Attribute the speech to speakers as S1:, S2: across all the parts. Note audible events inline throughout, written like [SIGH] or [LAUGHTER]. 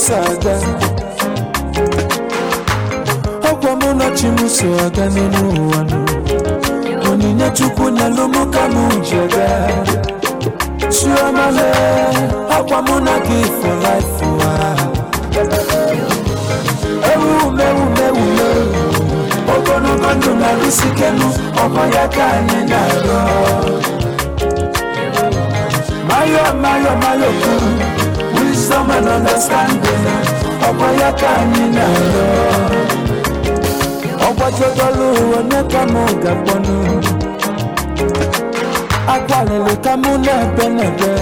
S1: sada ọkwa mụ na chi m so aga n'elu ụwa nụ onyinye chukwu nyelụ m ka m ji aga chiomale ọkwa mụ na gị for life ụwa ewu mewu mewu mewu ogologo ndụ na-arụsikenụ ọkwa ya ka anyị na-arọ mayo mayo mayo kwuru some an understanding ọmọ ya ka anyị na-alụ ọgbajodolu onye ka m gagbọnụ akwalili ka mụ na-ebe n'ebe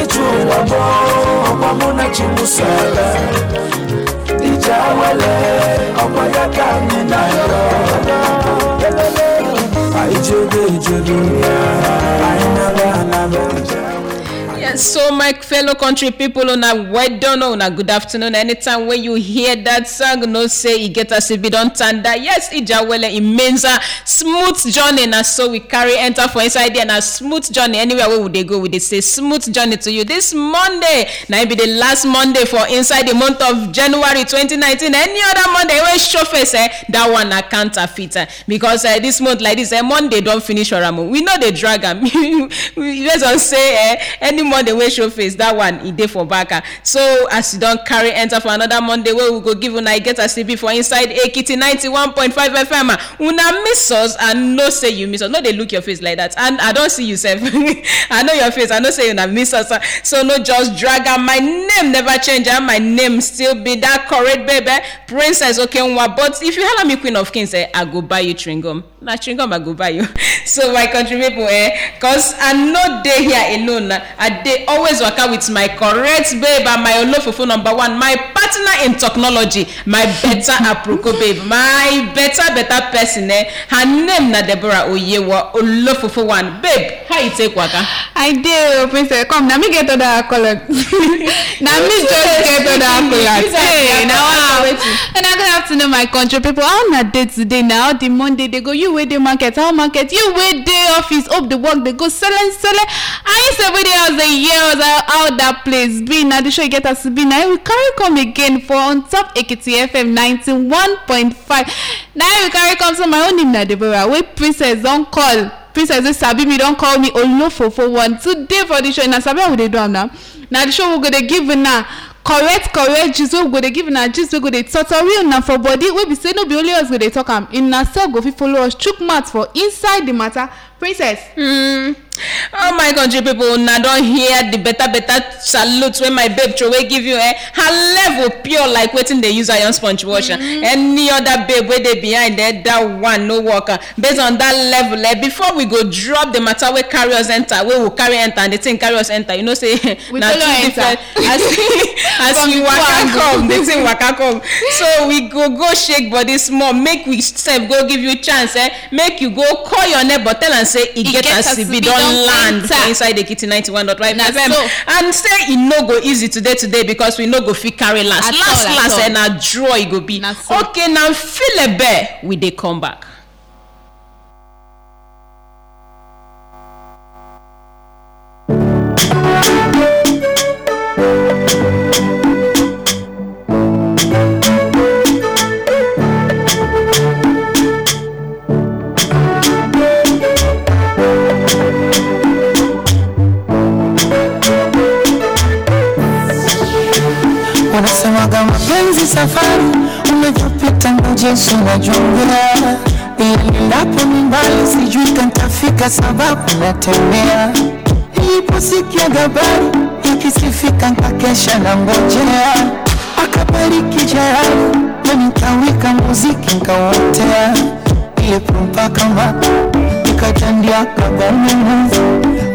S1: ịchụ ụwa bụ ọgba mụ na chimusala ije awele ọgba ya ka anyị na-alụ
S2: anyị jebe ejebe anyị naba anaba so my fellow country people una well done una good afternoon anytime when you hear that song know say e get as e be don tanda yes ijawele imenza smooth journey na so we carry enter for inside there na smooth journey anywhere wey we dey go we dey say smooth journey to you This monday na e be the last monday for inside the month of january 2019 any other monday wey show face eh dat one na counterfeit eh because eh dis month like this, eh monday don finish oram o we no dey drag am [LAUGHS] we just say eh any monday monday wey show face that one e dey for baka so as you don carry enter for another monday wey we go give una e get as e be for inside ekiti ninety one point five fm una miss us and know say you miss us no dey look your face like that and i don see you sef [LAUGHS] i know your face i know say una miss us so no just drag am my name never change and ah. my name still be that correct baby princess okenwa but if you hala me queen of kings eh i go buy you tringum na tringum i go buy you [LAUGHS] so my country people eh cause i no dey here alone ah. i dey dey always waka with my correct babe and my olofofo number one my partner in technology my better aproko babe my better better person eh her name na deborah oyewa olofofo one babe how you take waka. i dey o oh, princess come na me get other accolade [LAUGHS] na me just get other accolade hey na wow and i go have to know my country people how na dey today na how the monday dey go you wey dey market how market you wey dey office hope the work dey go sele sele are you sef wey just dey hear how that place be Now the show you get us e be now. we carry come again for on top ekiti fm ninety-one we carry come to my own name na deborah wey princess don call princess wey sabi me don call me olofofo one today for the show na sabi how we dey do am na na the show we go dey give una correct correct gist wey we go dey give una gist wey go dey real na for body wey be say no be only us go dey talk am una sef go fit follow us chook mouth for inside the matter princess. Mm. Oh my country people, una don hear the better better salute wey my babe throway give you eh her level pure like wetin dey use iron sponge wash am mm-hmm. any other babe wey dey behind eh that one no work am based on that level eh before we go drop the matter wey carry us enter wey we carry enter and di thing carry us enter you know say [LAUGHS] na two different as [LAUGHS] as you waka come the thing waka come so we go go shake body small make we sef go give you chance eh make you go call your neighbor tell am and say e get as e be don land for inside Kitty ninety one dot five fm and say e no go easy today today because we no go fit carry last last last eh, na draw e go be okay na bear we dey come back.
S1: Kwa sababu natembea, niliposikia habari ikisifika, nkakesha na ngojea. Akabariki jirani, nami nikaweka muziki nkauotea, nilipompa kama nikatandia kabanana,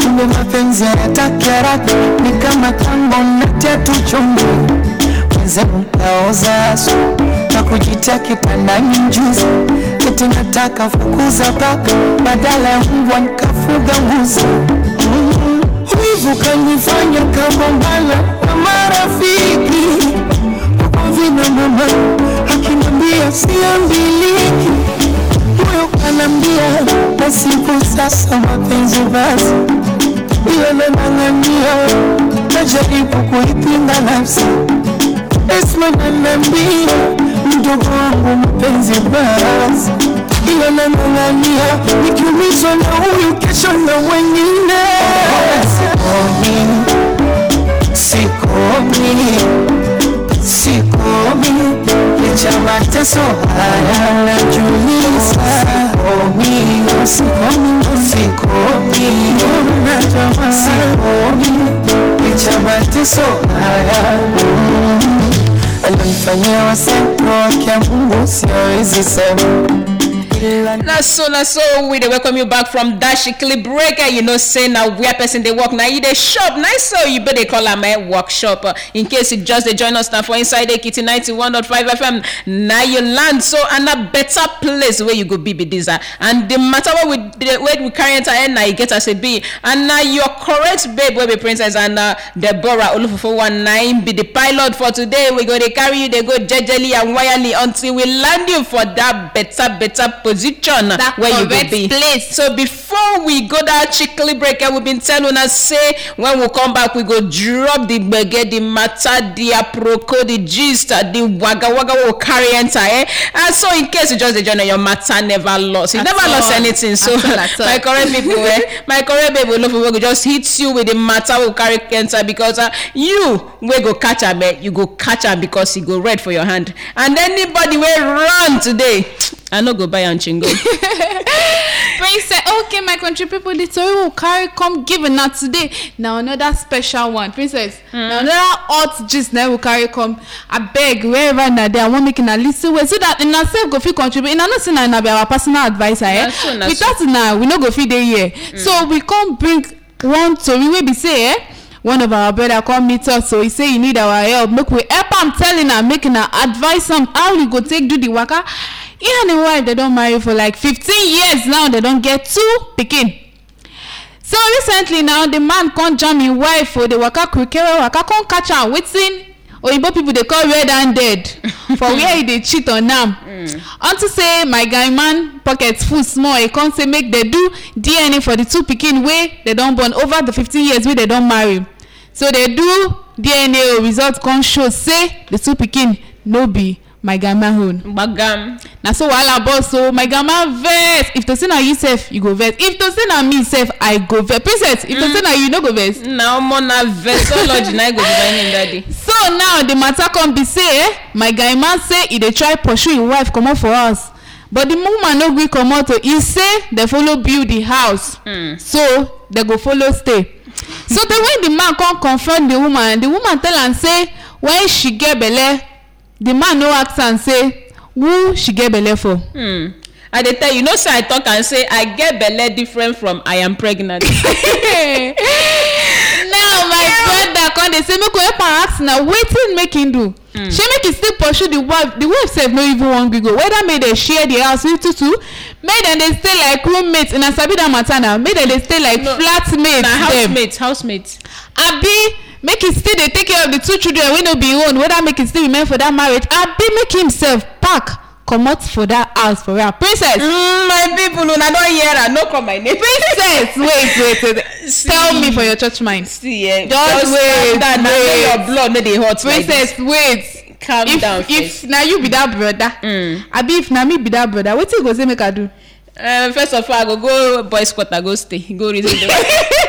S1: kumbe mapenzi yanatakia radhi, ni kama tango mnatia tu mwenzenu nkaoza asu na kujitia kitandani juzi eti nataka fukuza paka badala ya mbwa nikafuga nguza mm-hmm. wivu kanifanya kagombana na marafiki vina mama akinambia siambiliki moyo kanambia na siku sasa mapenzi basi ila nanang'ania najaribu kuipinga nafsi esma nanambia mdogo mpenzi basi, ila nang'ang'ania nikiumizwa na huyu kesho na wengine. Sikomi, sikomi, sikomi licha mateso haya najumiza. Sikomi, sikomi, sikomi, sikomi licha mateso haya
S2: Fanywa se kwa kia mungu siyo hizi sema na so na so we they welcome you back from that clip breaker. you know say na where person they work na you dey shop na so you better call am my eh, workshop in case you just dey join us now for inside ekiti ninety one dot five fm na you land so and a better place where you go be be this ah and the matter what we dey wey we carry enter eh na you get as a e B. and na your correct babe baby princess and na uh, deborah olufufuwa na im be the pilot for today we go dey carry you dey go jejely and wirely until we land you for that better better position that where you go be place. so before we go that chikli break we been tell una say when we come back we go drop the gbege the matter the aproko the gist uh, the waga waga wey we carry enter eh and so in case you just dey join your matter never lost you at never all. lost anything so [LAUGHS] my correct people eh my correct babe olofo wey go just hit you with the matter wey we carry enter because uh, you wey go catch am eh you go catch am because e go red for your hand and anybody wey run today I no go buy am chingo. [LAUGHS] Prince said, okay, my country people, the story will carry come giving now today. Now another special one. Princess, mm. now hmm. another hot gist now will carry come. I beg, wherever now there, I want make a little way. So that in ourself go fit contribute. In I know say be our personal advisor, eh? Sure, With sure. that now, we no go fit dey here. Mm. So we come bring one tori we be say, eh? one of our brother come meet us so he say he need our help make we help am telling him and make una advise am how we go take do the waka him and him wife dem don marry for like fifteen years now they don get two pikin so recently now the man come jam him wife for the waka krikere waka come catch am wetin oyinbo people dey call red dead [LAUGHS] for where he dey cheat on am mm. say my guy man pocket full small he come say make dem do dna for the two pikin wey dem don born over the fifteen years wey dem don marry so dem do dna oh, result come show say the two pikin no be my grandma own. gbagam. na so wahala burst o my grandma vex if to say na you sef you go vex if to say na me sef i go vex princess if mm. to say na you no go vex. na omo na vexology na i go be my name that so now the matter come be say eh my man say he dey try pursue him wife comot for house but the woman no gree comot o he say dey follow build the house. Mm. so dey go follow stay. so then when the man come confront the woman the woman tell am say when she get belle the man no ask am say who she get belle for. Hmm. i dey tell you, you know say i talk am say i get belle different from i am pregnant. [LAUGHS] [LAUGHS] now my brother come dey say make we help am ask na wetin make him do. Mm. shey make e still pursue the wife the wife sef no even wan gree go whether make dem share the house fifty two make dem dey stay like roommate una sabi that matter na make dem dey stay like no, flatmate dem na housemate housemate. abi make he still dey take care of the two children wey no be him own whether make he still remain for that marriage abi make himself pack comot for that house for real princess. Mm, my people una don hear am no call my name. princess [LAUGHS] wait wait wait see, tell me for your church mind. see eh just, just wait down, wait your blood no dey hot princess, like this. princess wait calm if, down if first. if na you be that brother. Mm. abi if na me be that brother wetin you go say make i do. Uh, first of all i go go boys quarter go stay go reason the [LAUGHS]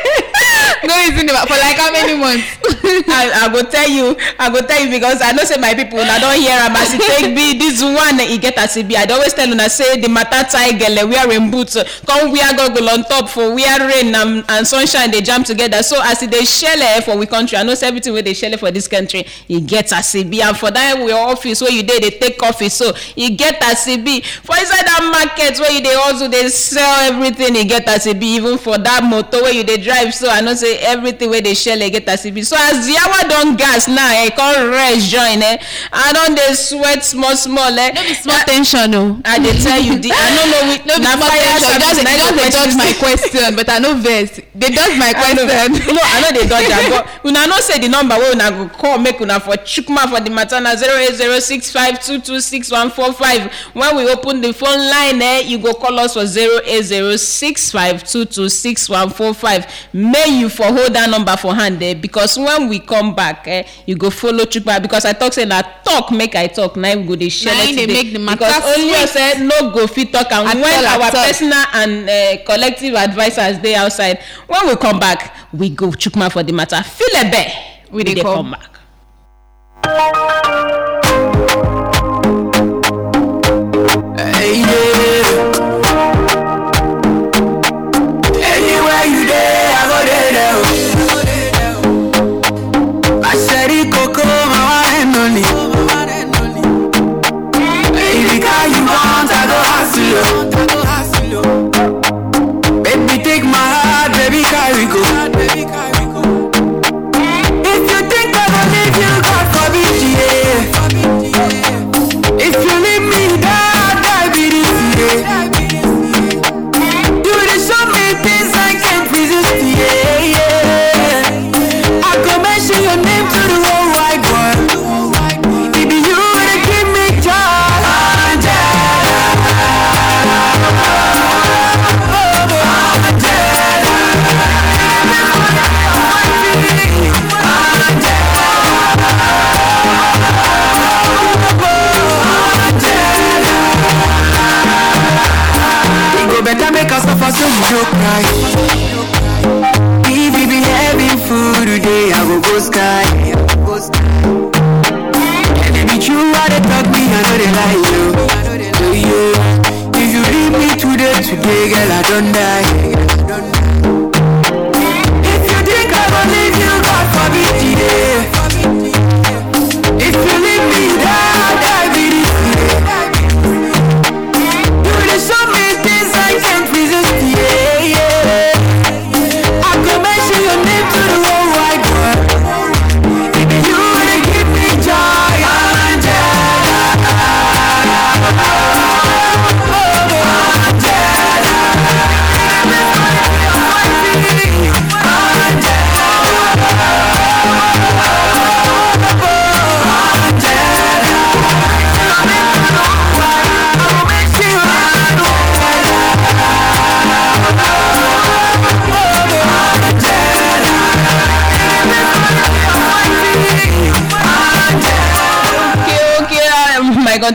S2: no reason about for like how many months. [LAUGHS] i i go tell you i go tell you because i know say my people I don't hear am as e take be this one e get as e be i dey always tell una say the matter tie gele wear rain boot come wear goggle on top for where rain and, and sunshine dey jam together so as e dey shele for we country i know say everything wey dey shele for this country e get as e be and for that we office where you dey dey take office so e get as e be for inside that market where you dey hustle dey sell everything e get as e be even for that motor where you dey drive so i know say say everything wey dey shele get as e be so as the hour don gas now e eh, come rest join eh i don dey sweat small small eh. no be small uh, ten sion o. Oh. i dey tell you the i no know which [LAUGHS] no be small ten sion just dey just dey dodge my question but i no vex dey dodge my [LAUGHS] question. no i no dey dodge am but [LAUGHS] una know say the number wey una go call make una for chukuma for the matter na zero eight zero six five two two six one four five when we open the phone line eh you go call us for zero eight zero six five two two six one four five may you for for hold that number for hand eh because when we come back eh you go follow chukpa because i talk say na talk make i talk na we go dey share na today make the because only us eh no go fit talk am when all, our personal and uh, collective advisers dey outside when we come back we go chukma for the matter filebe we dey come. come back.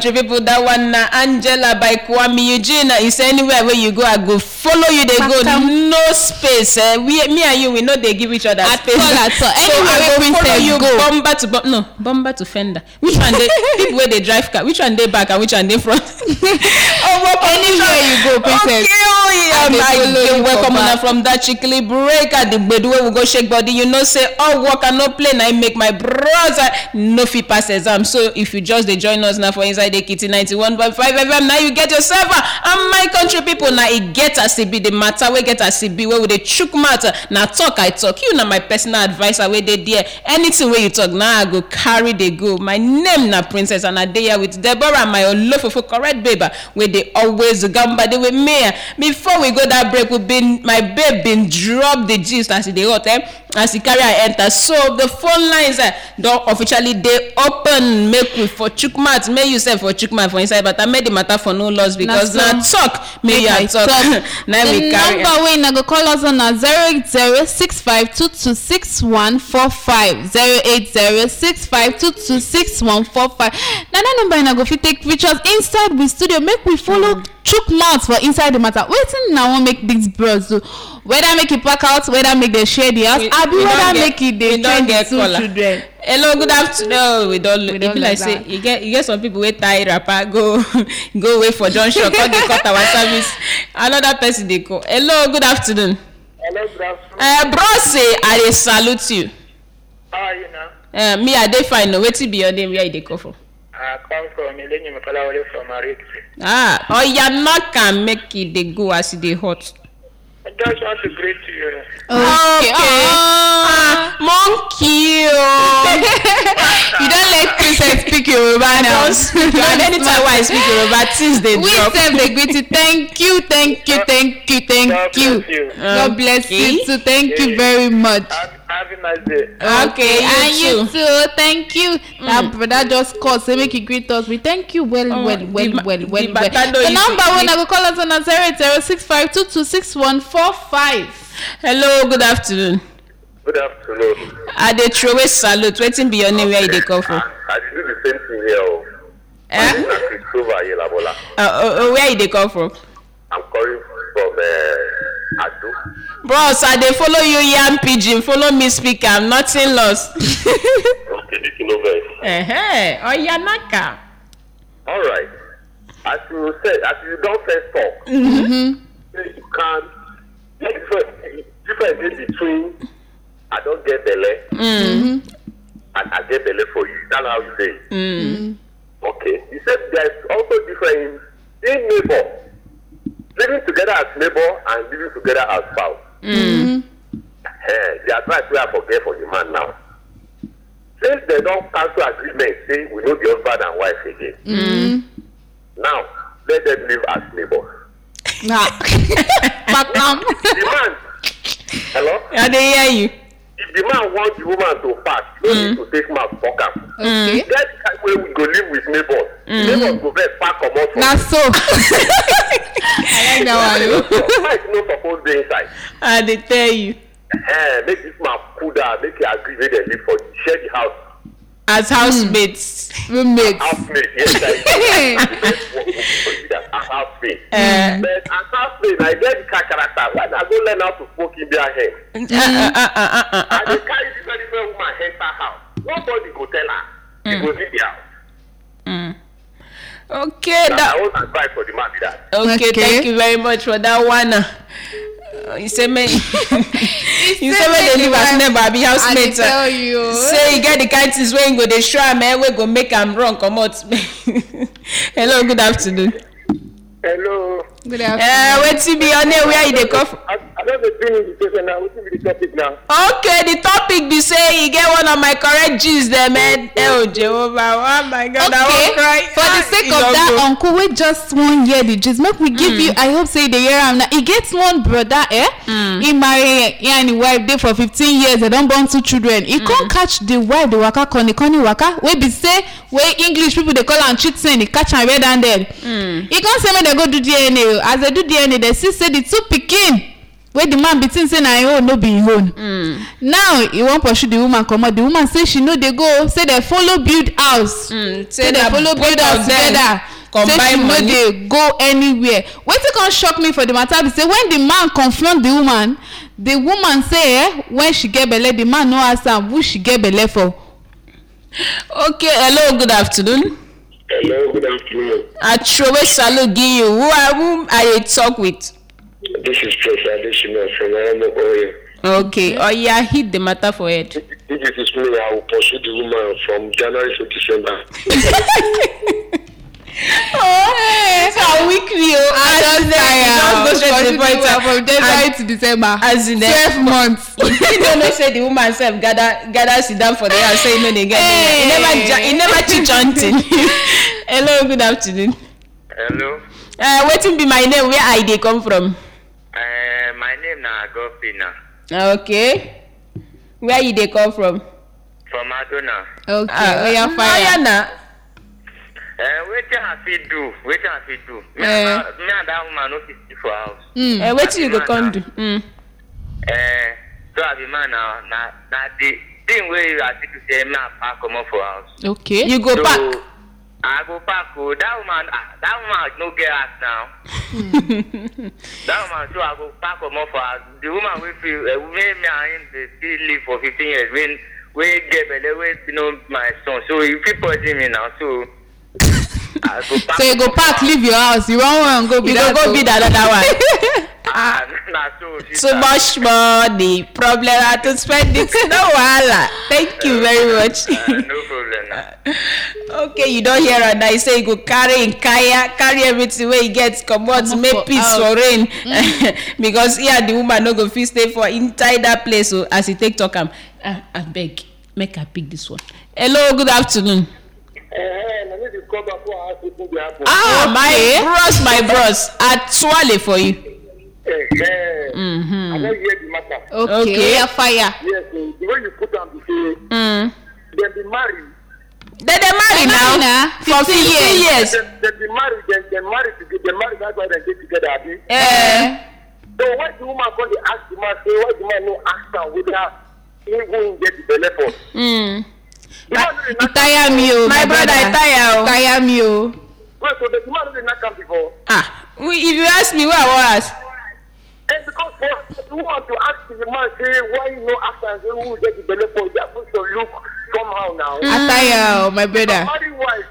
S2: country people that one na angela by kwame eugene he say anywhere wey you go i go follow you dey go no space eh we me and you we no dey give each other at space all, at all. [LAUGHS] so anywhere i go follow you go. bumper to bumper, no bumper to fender which one dey [LAUGHS] people wey dey drive car which one dey back and which one dey front. [LAUGHS] omo oh, anywhere you go princess okay o oh, yeah i dey welcome una from that chikili break at the gbedu wey we go shake body you know say all oh, work and no play na im make my brother no fit pass exam so if you just dey join us now for inside inside ekiti ninety one point five fm na you get yourself and my country pipo na e get as e be the matter wey get as e be wey we dey chook mouth na talk i talk you na my personal adviser wey dey there anything wey you talk na i go carry dey go my name na princess and anadeya with deborah my olofofo correct babe ah, wey dey always gambade with me ah. before we go that break we been my babe been drop the gist as e dey hot eh as e carry her enter so the phone lines uh, don officially dey open make we for chukwumat make you sef for chukwumat for inside but I make the matter for no loss because na so, talk make you talk [LAUGHS] na we carry the number wey una go call us on na zero eight zero six five two two six one four five zero eight zero six five two two six one four five na that number una go fit take pictures inside we studio make we follow mm. chook mouth for inside the matter wetin una wan make these bros do whether make e pack out whether make dem share the house abi whether make e dey train the two caller. children. hello good afternoon no we don e be like say e get e get some people wey tie wrapper go [LAUGHS] go wait for junction come dey cut our service another person dey call hello good afternoon.
S3: hello good afternoon.
S2: Uh, eh, bro say eh, i dey salute you.
S3: how are you now.
S2: Uh, me i dey fine o wetin be your name where you dey call from.
S3: I come from Ilenyi Mokala from Aritse.
S2: Ah, oya oh, yeah, knock am make e dey go as e dey hot
S3: just want to greet you. Okay. okay.
S2: Uh, monkey. Oh. [LAUGHS] you don't let Christians speak Yoruba now. and anytime I speak Yoruba, things they we drop. We said they greet Thank you, thank you, thank you, thank God you. Bless you. God bless okay. you too. Thank yeah. you very much. Happy
S1: Have a nice day. Okay, okay and you
S2: too. Thank you. Mm. That brother just called, say make you greet us. We thank you well, oh, well, well, the, well, well, the well. The number one, I go call us on a zero zero six five two two six one four five. Hello, good afternoon. Good afternoon. I dey throw away salute. Waiting be your name? Where you dey come from? Ah,
S3: I do the same thing here. Oh. Eh? Uh, uh, uh,
S2: where you dey come from?
S3: I'm calling from uh, Ado
S2: bros i dey follow you yam pidgin follow me speak am nothing lost. okay kí ló bẹ. ọ̀ya naka.
S3: all right as you said as you don first talk.
S2: Mm -hmm.
S3: you can make difference difference between i don get belle.
S1: Mm -hmm.
S3: and i get belle for you that's how you say. Mm -hmm. okay you said there is also difference in neighbor living together as neighbor and living together as spouse. Mm. Uh, the advice wey I for get for the man now since dem don cancel agreement say we know the husband and wife again. Mm. now let dem live as neighbors. Nah. [LAUGHS] the man. hello. i dey hear you if the man want the woman to pass no mm. need to mm. take man fuck am okay. get the kind wey we go live with neighbors mm. neighbors go vex pack comot from na so [LAUGHS] i like that one oh. o fight no suppose dey inside i dey tell you eh make this man cool down make he agree make dem live for share the house
S2: as housemates roommates housemates yes
S3: i [LAUGHS] Asafri. Uh, eh. but Asafri, I get character. When I go learn how to smoke in their head.
S1: I mm. [LAUGHS] uh, uh, uh, uh, and uh,
S3: uh. they carry this very woman enter house. Nobody go tell her. Mm. She go see the house.
S2: Mm. Okay, that, that I won't
S3: advise for the man that.
S2: Okay, okay, thank you very much for that one. Ah. Uh, you say me, [LAUGHS] you say me dey live as neighbor abi housemate. I tell ah. you. Say you get the kind things wey go dey show am eh wey go make am run comot. [LAUGHS] Hello, good afternoon.
S3: Hello. Uh, wait to be on where you dey come from. I don dey finish the station now. Wetin be the topic now? Okay,
S2: the topic be say e get one of my correct gist dem eh. eh oh Jehovah, oh my God, okay. I wan cry. For the ah, sake of that go. uncle wey just wan hear the gist, make we give mm. you, I hope say you dey hear am now. E get one brother eh, mm. he marry he and him wife dey for fifteen years, dem don born two children. He mm. come hmm. catch the wife dey waka koni koni waka wey be say wey English people dey call am cheating, he catch am red handed. Mm. He come say make dem go do DNA o as they do dna they see say the two pikin wey the man be think say na him own no be him own. Mm. now he wan pursue the woman comot the woman say she no dey go say they follow build house. Mm, say they follow build house together say she no dey go anywhere wetin come shock me for the matter be say when the man confront the woman the woman say eh when she get belle the man no ask am who she get belle for. okay hello good afternoon.
S3: Hello, good afternoon.
S2: Atrobe Salugiyu, who are whom are you talk with?
S3: This is Professor Adeshima from Aramo Oyo.
S2: Okay, oh yeah, hit the matter for it. If
S3: it is me, I will pursue the woman from January to December. [LAUGHS]
S2: oh, eh, how weak we are she dey work from january to december as in twelve [LAUGHS] months. you no know say the woman sef gather gather sit down for there and say e no dey get money e never e never teach hunting. [LAUGHS] hello good afternoon. hello. Uh, wetin be my name where i dey come from.
S3: Uh, my name na agofina. okay
S2: where you dey come from.
S3: from adona. okay uh, ah, oya oh, mm, fire. oya na. Uh, wetin i fit do wetin i fit do. me and eh. that woman no fit for
S2: house. Mm. Uh, eh, wetin you go come do? Mm.
S3: Uh, so as a man now, na na the thing wey you are sick say na pack comot for house. okay you go so, pack. i go pack o oh. that woman ah that woman no get heart now. [LAUGHS] that woman so i go pack comot for house the woman wey fit uh, eh, wey me and him still live for fifteen years wey wey get belle wey know my son so you fit poison me now so.
S2: Ah, so you go park leave your house you wan wan go be that go bid another one. [LAUGHS] ah na so too much money problem na to spend it [LAUGHS] no wahala thank you uh, very much. Uh, no problem [LAUGHS] okay you don hear am na he say he go carry him kaya carry everything wey he get comot make peace out. for rain mm. because he and the woman no go fit stay for inside that place o as he take talk am ah abeg make i pick this one hello good afternoon. Uh,
S3: ah my bros my bros
S2: atuale for you.
S3: Uh, mm-hmm. I don't hear the matter. Okay, okay. a fire. Yes, so the way you put am be say. Mm. Dem be married.
S2: They dey married now. Na.
S3: For fifteen years. They be married. They dey married together They marry that's why dem dey together abi. Uh. So why the woman come dey ask the man say why the man no ask am whether he
S2: won't get the belle for. Mm. You tire me o. Oh, my brother tire o. Oh. Tire me oh.
S3: Wait, so the woman did not come before.
S2: Ah, if you ask me where I was.
S3: And because you want to ask the man, say, why you know after the who get the belly for, you are to look somehow now. Mm. Ataya, oh, my brother. Somebody wife,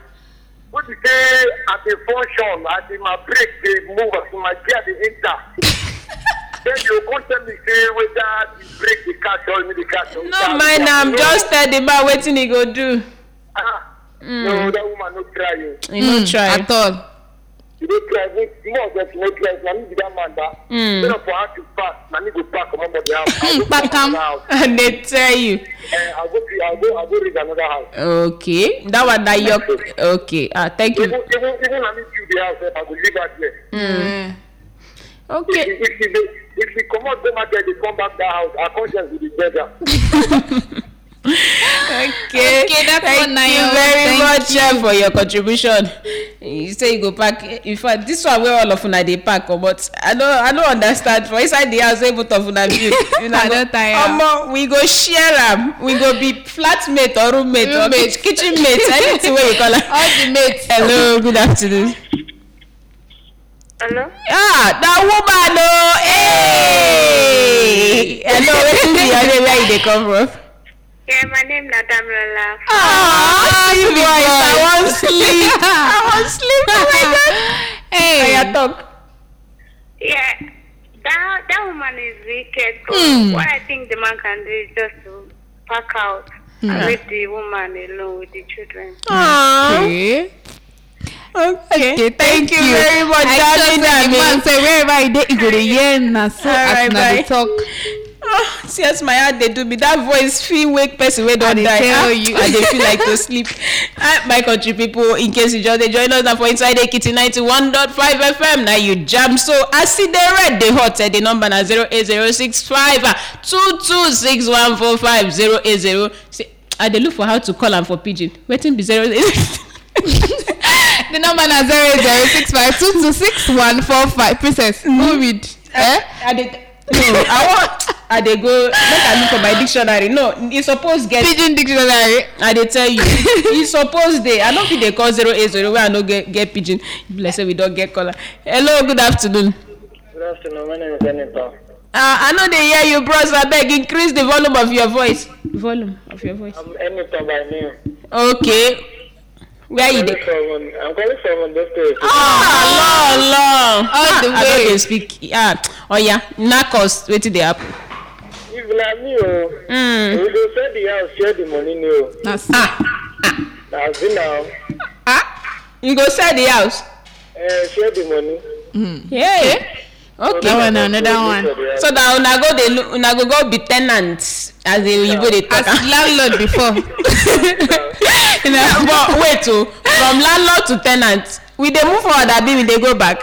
S3: what you say at the function, at the, my break, they move, at my chair, they enter. [LAUGHS] then you go tell me say whether you break the cat or you the cat. No, mind, I'm just the about wetin
S2: he go do. Uh-huh. Mm. No, that
S3: woman no try oh. you. He mm, no try at all.
S2: He no try. More of us no try. Na me be that
S3: man that. Mm. Instead of for her to pack, na me go pack comot for the house. [LAUGHS] Pack am. [LAUGHS] They tell you. Uh, I go to I go I go read another house.
S2: Okay, that one that your okay. Ah, uh, thank even, you.
S3: Even even na me build the house, eh, I go leave her there.
S1: Mm.
S2: mm.
S3: Okay. If, if, if, if, if she comot go market, they come back that house. Her conscience will be better. [LAUGHS]
S2: okay okay that's thank one you very much you. Eh, for your contribution you say you go pack in fact this one wey all of una dey pack comot oh, i no i no understand for inside the house wey both of una build [LAUGHS] una go omo we go share am we go be flatmate or roommate, roommate. or kitchen mate anything wey you call am all the mates hello good afternoon. Hello? Ah, na woman o! Oh, hey! Hello, wetin be your name? Where you dey come from? Yeah, my
S1: name is Nadamrala. Aww, oh, you boys, I want [LAUGHS] sleep. I want sleep. Oh my god.
S2: Hey, I talk. Yeah, that that woman is wicked. Mm. What I think the man can do is just to pack out mm. and hmm. leave the woman alone with the children. Aww. Okay. Okay. okay, thank, thank you, you very much. I darling, darling. Man say wherever I dey, go dey hear na so as na dey talk. ah tears my heart dey do me that voice fit wake person wey don die ah. you. i dey feel like to sleep [LAUGHS] ah my country people. in case you just dey join us na for inside ekiti ninety one dot five fm na you jam so as e dey red dey hot eh the number na zero eight zero six five two two six one four five zero eight zero see i dey look for how to call am for pidgin wetin be zero eight. [LAUGHS] the number na zero eight zero six five two two six one four five princess no mm-hmm. read. Eh? I, I did, no i want i dey go make i look for my dictionary no e suppose get pidgin dictionary i dey tell you e suppose dey i no fit dey call zero eight zero wey i no get get pidgin be like say we don get caller hello good afternoon.
S3: good afternoon my name is enipa.
S2: Uh, ah, i no dey hear you bros abeg increase the volume of your voice volume of your voice. i'm enipa by name. okay where you dey. i'm calling from ondo state. Ah, ah lord lord all the way. i don't dey speak ah oya oh, knack us wetin dey happen.
S3: if na me o. Oh. Mm. we go sell the house share the money ni o. Oh. Ah, na so. na so na.
S2: ah you go sell the house.
S3: Uh, share the money.
S2: Mm. Yeah
S3: okay that one na another one so that una go dey
S2: una go go be ten ant as the oyibo dey talk as landlord before [LAUGHS] but wait o oh, from landlord to ten ant we dey move forward abi we dey go back.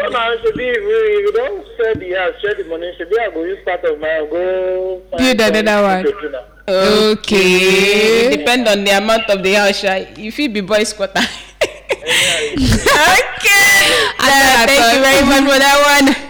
S3: no na shebi we we don sell the house share the money shebi i go use part of my own go. build another one
S2: okay. okay depend on the amount of the house you fit be boys quarter. [LAUGHS] okay. Uh, thank you very much for that one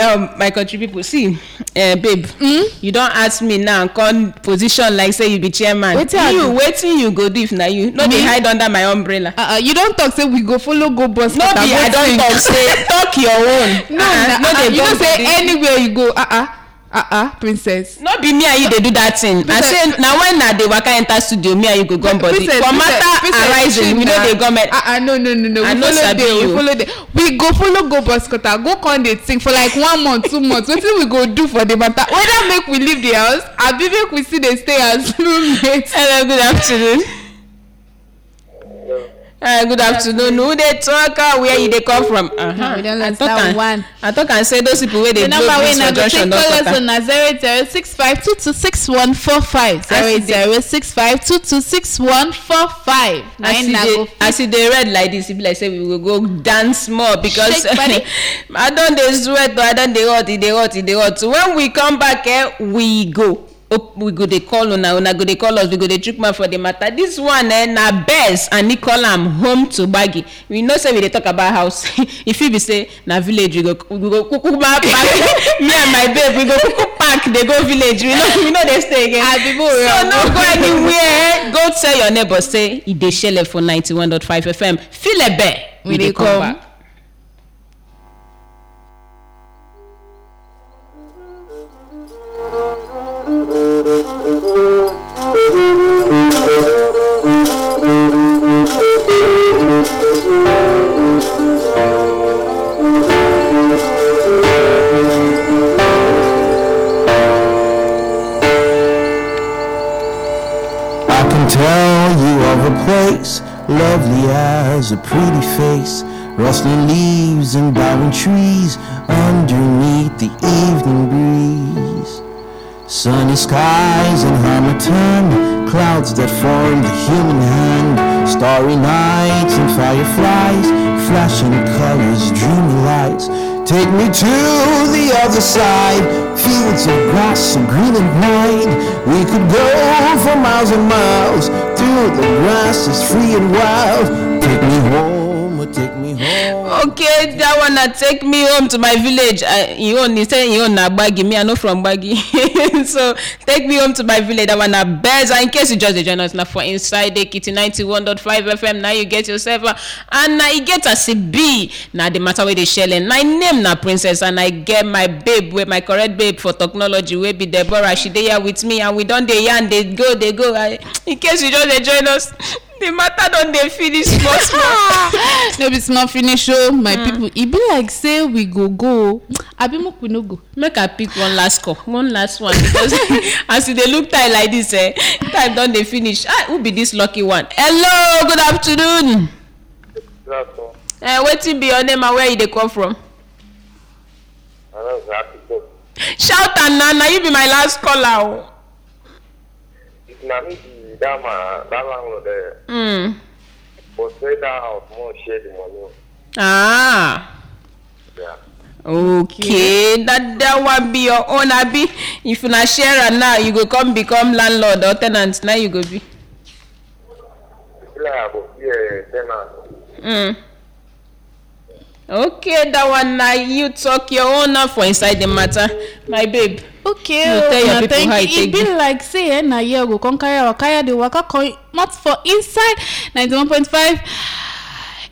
S2: um, my country people see uh, babe mm? you don ask me now come position like say you be chairman wetin you wetin you go do if na you no dey hmm? hide under my umbrella. Uh, uh, you don talk say we go follow go bus no be i don talk say [LAUGHS] talk your own no uh, -uh, no dey bump uh-uh, you know say anywhere you go. Uh -uh, ah ah, princess. no be me and you dey do that thing i say na when na dey waka enter studio me and you go gum body for matter arising we no dey goment. ah ah no no no no we follow dey we follow dey we go follow go boskota go con dey think for like one month two months wetin we go do for the matter whether make we leave the house abi make we still dey stay as [LAUGHS] roommates. hello good afternoon. Uh, good afternoon who dey talk uh, where you dey come from uh-huh. i talk am i talk and say those people wey dey blow breeze for junction don cut the number wey na go take call us na zero zero six five two two six one four five zero zero six five two two six one four five. as e dey red like this e be like say we go go dance more because [LAUGHS] i don dey sweat o i don dey hot e dey hot e dey hot so when we come back eh, we go. Oh, we go dey call una una go dey call us we go dey chook mouth for the matter This one eh na best and e call am home to gbagi we know say we dey talk about house e [LAUGHS] fit be say na village we go we go kukuma [LAUGHS] pack me and my babe we go kuku Park. dey go village we no we no dey stay again so no go anywhere go tell your neighbor say e dey shele for ninety-one dot five fm filebe we dey come back.
S1: lovely eyes, a pretty face, rustling leaves and bowing trees underneath the evening breeze. Sunny skies in Hamilton, clouds that form the human hand, starry nights and fireflies, flashing colors, dreamy lights. Take me to the other side, fields of grass and green and wide. We could go for miles and miles, through the grass is free and wild. Take me home.
S2: okay that one na take me home to my village im own he say im own na gbagi me i no from gbagi [LAUGHS] so take me home to my village that one na best and in case you just dey join us na for inside ekiti ninety-one dot five fm na you get yourself and na e get as e be na the matter wey dey shele my name na princess and i get my babe wey my correct babe for technology wey be deborah she dey here with me and we don dey yarn dey go dey go in case you just dey join us the matter don dey finish small [LAUGHS] small. no be small finish o my mm. people e be like say we go go abi make we no go. make i pick one last call one last one because [LAUGHS] as you dey look time like this eh time don dey finish ah who be this lucky one. hello good afternoon. good afternoon. Uh, wetin be your name and where you dey come from. shout am na na you be my last caller o.
S3: if na me be Chama, that landlord there. Mm. Portray that house more share the money.
S2: Ah. Yeah. okay that that one be your own abi if you una share am now you go come become landlord or ten na you go be.
S3: Yeah,
S2: Mm. okay that one na you talk your own for inside the matter my babe okay you tell your people how e take be. e be like say eh, na here go come carry our carry the waka comot for inside ninety-one point five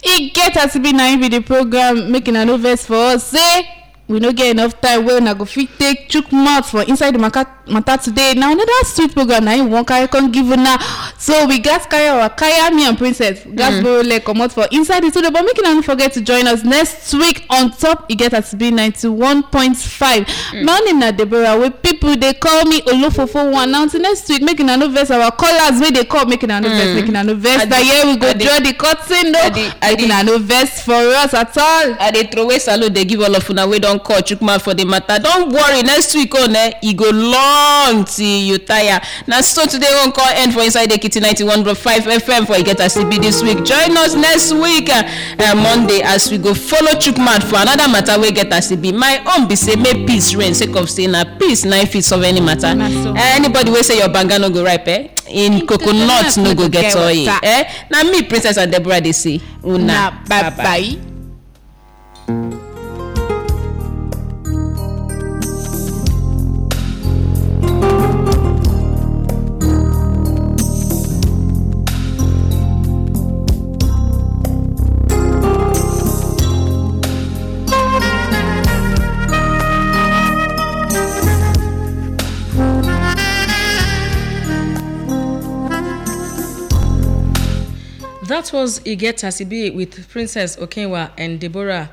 S2: e get as e be na im be the program make una no vex for us say we no get enough time wey una go fit take chook mouth for inside the matter on today. na another sweet program na im wan carry come give una so we gats carry our kaya me and princess gats mm. borrow leg comot for inside the studio but make una no forget to join us next week on top e get as e be ninety-one point five mm. my own name na deborah wey pipo dey call me olofofo one now until next week make una no vex our callers wey dey call make una no vex make una no vex na here we go draw the curtain no make una no vex for us at all. i dey away salute dey give all of una wey don call chukwuma for the matter don worry next week on eh e go long until you tire na so today wan come end for inside ekiti ninety one point five fm for igeta cb this week join us next week uh, monday as we go follow chukman for another matter wey get as e be my own be say make peace reign sake of say na peace na fit solve any matter so. Eh, anybody wey say your banga no go ripe eh? in coconut no go get oil eh? na me princess and deborah dey say una bye bye. bye. that was Iget Asibi with Princess Okenwa and Deborah